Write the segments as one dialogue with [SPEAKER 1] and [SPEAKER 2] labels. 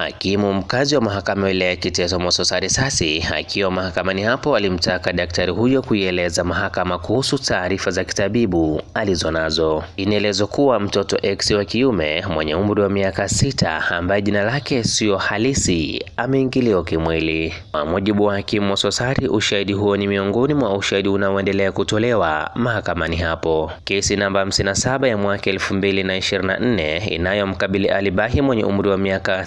[SPEAKER 1] Hakimu mkazi wa mahakama wilaya ya Kiteto Mososari Sasi akiwa mahakamani hapo alimtaka daktari huyo kuieleza mahakama kuhusu taarifa za kitabibu alizonazo. Inaelezwa kuwa mtoto X wa kiume mwenye umri wa miaka sita ambaye jina lake siyo halisi ameingiliwa kimwili. Kwa mujibu wa hakimu Mososari, ushahidi huo ni miongoni mwa ushahidi unaoendelea kutolewa mahakamani hapo. Kesi namba 57 ya mwaka 2024 inayomkabili Ali Bahi mwenye umri wa miaka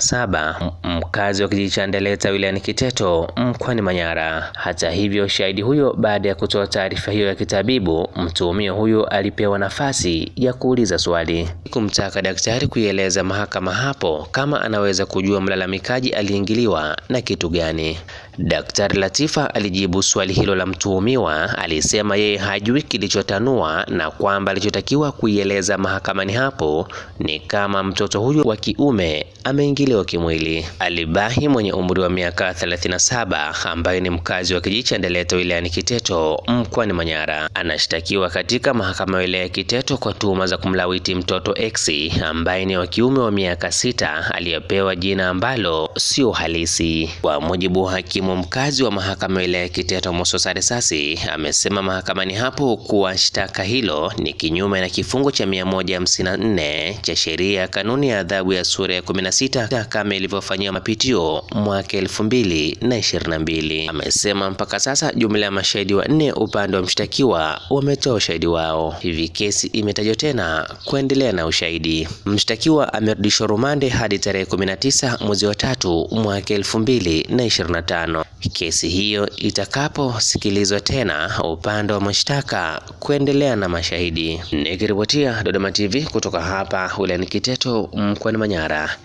[SPEAKER 1] saba, mkazi wa kijiji cha Ndeleta wilayani Kiteto mkoani Manyara. Hata hivyo, shahidi huyo baada ya kutoa taarifa hiyo ya kitabibu, mtuhumiwa huyo alipewa nafasi ya kuuliza swali, kumtaka daktari kuieleza mahakama hapo kama anaweza kujua mlalamikaji aliingiliwa na kitu gani. Daktari Latifa alijibu swali hilo la mtuhumiwa, alisema yeye hajui kilichotanua na kwamba alichotakiwa kuieleza mahakamani hapo ni kama mtoto huyo wa kiume ameingiliwa kimwili. Alibahi mwenye umri wa miaka 37 ambaye ni mkazi wa kijiji cha Ndelete wilayani Kiteto mkoani Manyara anashtakiwa katika mahakama ya wilaya ya Kiteto kwa tuhuma za kumlawiti mtoto X ambaye ni wa kiume wa miaka sita aliyepewa jina ambalo sio halisi. Kwa mujibu wa hakimu mkazi wa mahakama ile ya Kiteto Mososa Sasi amesema mahakamani hapo kuwa shtaka hilo ni kinyume na kifungu cha 154 cha sheria ya kanuni ya adhabu ya sura ya 16 kama ilivyofanyia mapitio mwaka 2022. Amesema mpaka sasa jumla ya mashahidi wanne upande wa mshtakiwa wametoa ushahidi wao, hivi kesi imetajwa tena kuendelea na ushahidi. Mshtakiwa amerudishwa rumande hadi tarehe 19 mwezi wa tatu mwaka 2025 tano kesi hiyo itakaposikilizwa tena upande wa mashtaka kuendelea na mashahidi. Nikiripotia Dodoma TV kutoka hapa wilayani Kiteto mkoani Manyara,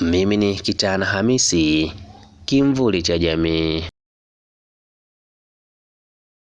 [SPEAKER 1] mimi ni Kitana Hamisi, kimvuli cha jamii.